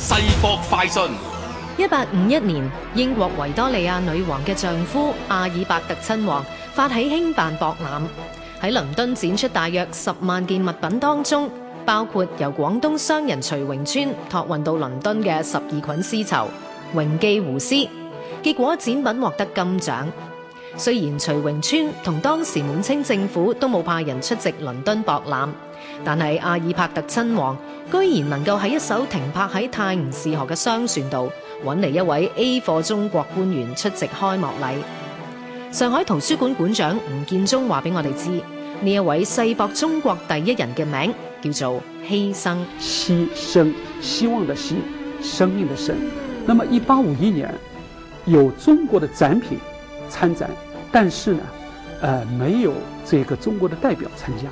世博快訊。一八五一年，英國維多利亞女王嘅丈夫阿爾伯特親王發起興辦博覽，在倫敦展出大約十萬件物品當中，包括由廣東商人徐榮村託運到倫敦嘅十二捆絲綢、榮記湖絲，結果展品獲得金獎。雖然徐榮村同當時滿清政府都冇派人出席倫敦博覽，但係阿爾伯特親王居然能夠喺一艘停泊喺泰晤士河嘅商船度揾嚟一位 A 貨中國官員出席開幕禮。上海圖書館館長吳建中話俾我哋知，呢一位世博中國第一人嘅名叫做希生。希生，希望的希，生命的生。那麼一八五一年有中國的展品參展。但是呢，呃，沒有這個中國的代表參加，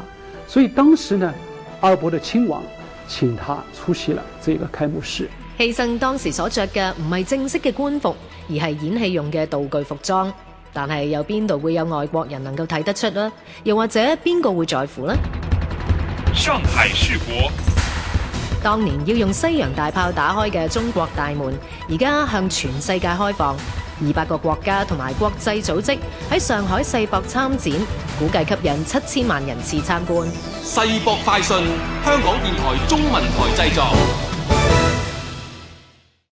所以當時呢，阿爾伯特親王請他出席了這個開幕式。希生當時所着嘅唔係正式嘅官服，而係演戲用嘅道具服裝。但係又邊度會有外國人能夠睇得出呢？又或者邊個會在乎呢？上海世博。當年要用西洋大炮打開嘅中國大門，而家向全世界開放。二百個國家同埋國際組織喺上海世博參展，估計吸引七千萬人次參觀。世博快訊，香港電台中文台製作。